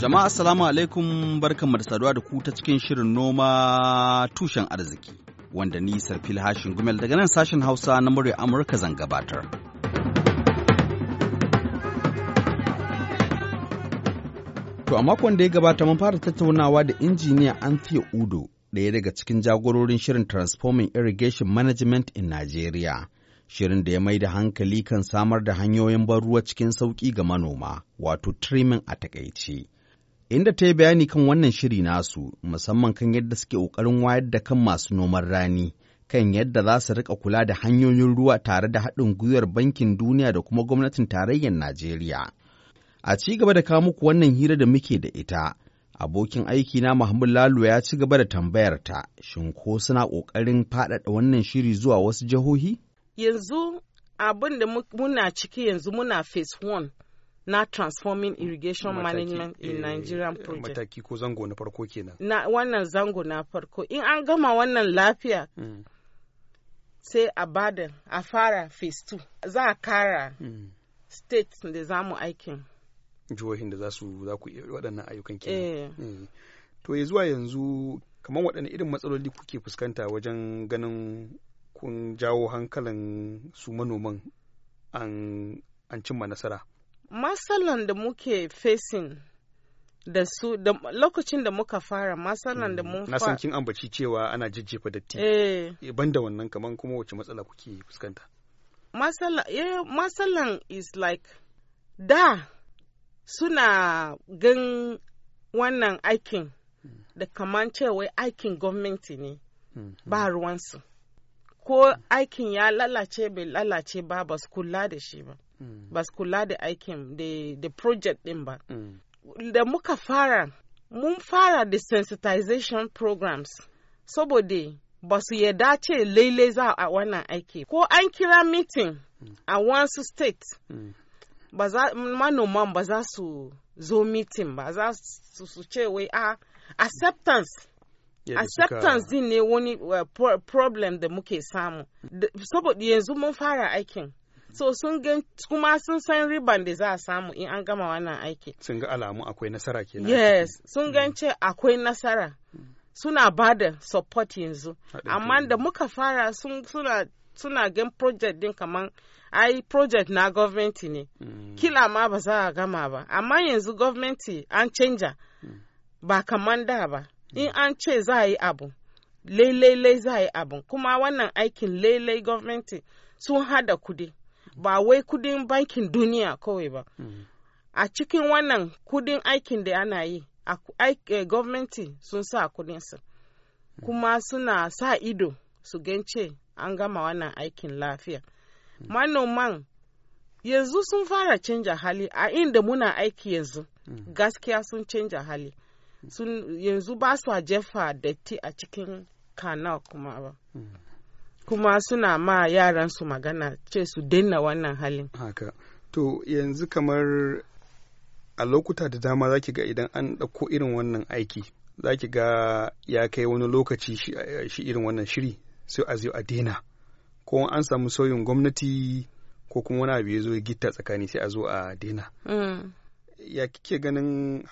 Jama'a assalamu alaikum barkanmu da saduwa da ku ta cikin shirin noma tushen arziki wanda ni Sarfil Hashin Gumel daga nan sashen Hausa na murya Amurka zan gabatar. To a makon da ya gabata mun fara tattaunawa da injiniya Anthea Udo ɗaya daga cikin jagororin shirin Transforming Irrigation Management in Nigeria. Shirin da ya mai da hankali kan samar da hanyoyin ban ruwa cikin sauƙi ga manoma, wato trimming a takaice. inda ta yi bayani kan wannan shiri nasu musamman kan yadda suke ƙoƙarin wayar da kan masu noman rani kan yadda za su rika kula da hanyoyin ruwa tare da haɗin gwiwar bankin duniya da kuma gwamnatin tarayyar najeriya a ci gaba da kawo muku wannan hira da muke da ita abokin aiki na mahmud lalo ya ci gaba da tambayar ta shin ko suna ƙoƙarin faɗaɗa wannan shiri zuwa wasu jihohi yanzu abin da muna ciki yanzu muna phase one na transforming irrigation mataki, management in e, Nigerian eh, project. Mataki ko zango na farko kenan. Na wannan zango na farko in an gama wannan lafiya mm. sai a bada a fara phase 2 za a kara mm. states da za mu aikin. Jihohin da za su za ku waɗannan ayyukan kenan. E. Mm. To ya zuwa yanzu kamar waɗanne irin matsaloli kuke fuskanta wajen ganin kun jawo hankalin su manoman an cimma nasara. matsalan da muke facing da su da lokacin da muka fara matsalan da mm, mun na san kin ambaci cewa ana jijjefa datti eh banda wannan kaman kuma wace matsala kuke fuskanta matsala eh matsalan is like da suna gan wannan aikin mm. da kaman cewa aikin gwamnati ne mm, ba ruwansu ko aikin ya lalace bai lalace ba ba su kula da shi ba mm. ba su kula da aikin da project din ba mm. da muka fara mun fara da sensitization programs saboda ba su yarda ce laile za a wannan aiki ko an kira meeting mm. a wasu state manoman ba za su zo meeting ba za su ce wai a ah, acceptance acceptance din ne wani eh, problem da muke samu saboda yanzu mun fara aikin so sun gan kuma sun san riban da za a samu in an gama wannan aiki sun ga alamu akwai nasara kenan yes sun gan mm. ce akwai nasara suna ba da support yanzu amma da muka fara sun, suna suna gan project din kaman ai project na gwamnati ne mm. kila ma ba za a gama ba amma yanzu gwamnati an canja mm. ba kaman da ba in an ce za a yi abu lailai za a yi abu kuma wannan aikin lailai gwamnati sun hada kudi ba wai kudin bankin duniya kawai ba mm. a cikin wannan kudin aikin da ana yi eh, gwamnati sun sa kudinsu mm. kuma suna sa ido su gance an gama wannan aikin lafiya mm. manoman yanzu sun fara canja hali a inda muna aiki yanzu gaskiya sun canja hali sun yanzu ba su jefa datti a cikin kana kuma ba hmm. kuma suna ma yaran su magana ce su daina wannan halin haka to yanzu kamar a lokuta da dama zaki ga idan an ɗauko irin wannan aiki zaki ga ya kai wani lokaci shi irin wannan shiri sai a zo a daina ko an samu sauyin gwamnati ko kuma wani abu ya zo gitta tsakani sai a zo a daina hmm. ya kike ganin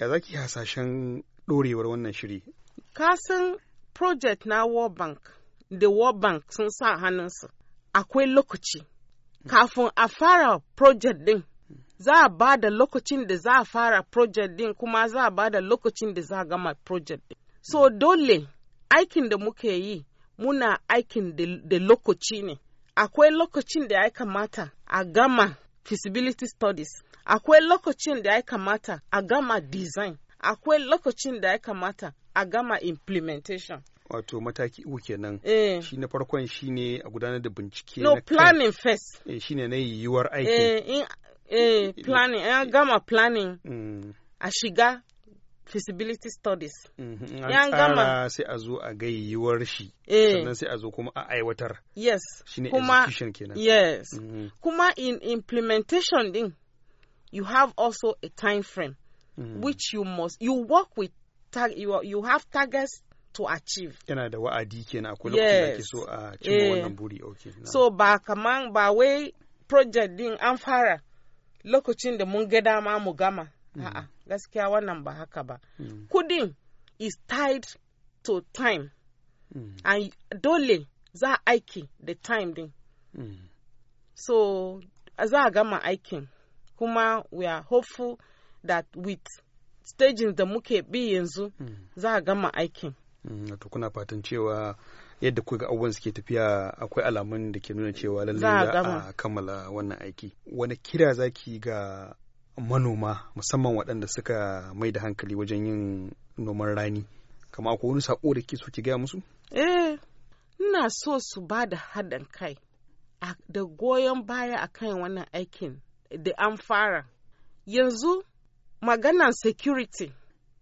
ya ki hasashen ɗorewar wannan shiri kasan project na world bank da world bank sun sa hannunsu akwai lokaci kafin a fara project din za a ba da lokacin da za a fara project din kuma za a ba da lokacin da za a gama project din so dole aikin da muke yi muna aikin da lokaci ne akwai lokacin da ya kamata a gama feasibility studies akwai lokacin da ya kamata a gama design akwai lokacin da ya kamata a gama implementation wato mataki uku kenan eh. shi na farkon shi ne a gudanar da bincike no planning first eh, shi ne na yiwuwar aiki eh, eh planning an gama planning mm. a shiga feasibility studies mm-hmm. Ya gama sai a zo a gayyuwar shi eh. sannan sai a zo kuma a aiwatar yes shine kuma execution kenan yes mm-hmm. kuma in implementation din you have also a time frame mm-hmm. which you must you work with you, you have targets to achieve. Yana da wa'adi kenan akwai lokacin da ke so a cimma eh. wannan buri okay. So ba kaman ba wai project din an fara lokacin da mun ga dama mu gama a'a hmm. gaskiya wannan ba haka ba hmm. kudin is tied to time hmm. and dole za aiki da time din so za a gama aikin kuma we are hopeful that with staging da muke bi yanzu za a gama aikin to kuna fatan cewa yadda kuka abubuwan suke tafiya akwai alamun da ke nuna cewa lallai za a kammala wannan aiki wani kira zaki ga manoma musamman waɗanda suka mai da hankali wajen yin noman rani kama akwai wani sako da ke so ki gaya musu eh ina so su ba da haɗin kai da goyon baya a kan wannan aikin da an fara yanzu maganan security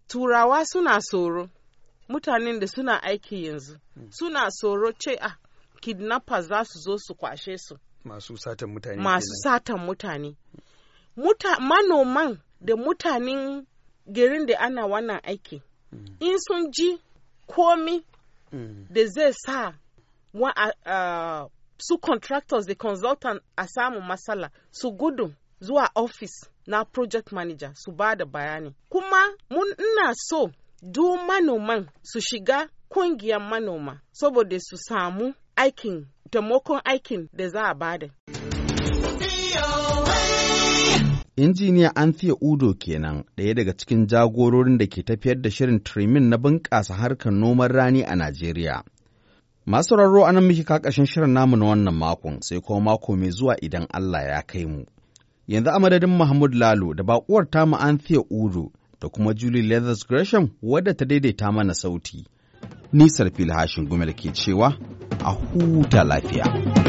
turawa suna tsoro mutanen da suna aiki yanzu hmm. suna tsoro ce a ah, kidnappers za su zo su kwashe su masu satan mutane masu satan mutane hmm. manoman da mutanen garin da ana wannan aiki mm. in sun ji komi mm. da zai sa su contractors da consultant a samun matsala su gudu zuwa office na project manager su ba da bayani kuma mun ina so du manoman su shiga kungiyar manoma saboda su samu aikin taimakon aikin da za a bada. Injiniya Anthea Udo kenan ɗaya daga cikin jagororin da ke tafiyar da shirin Trimin na bunƙasa harkar noman rani a Najeriya. Masu rarro anan muke kakashin shirin namu na wannan makon sai kuma mako mai zuwa idan Allah ya kai mu. Yanzu a madadin Mahmud Lalo da baƙuwar tamu Anthea Udo da kuma Julie Leathers Gresham wadda ta daidaita mana sauti. Nisar filhashin gumel ke cewa a huta lafiya.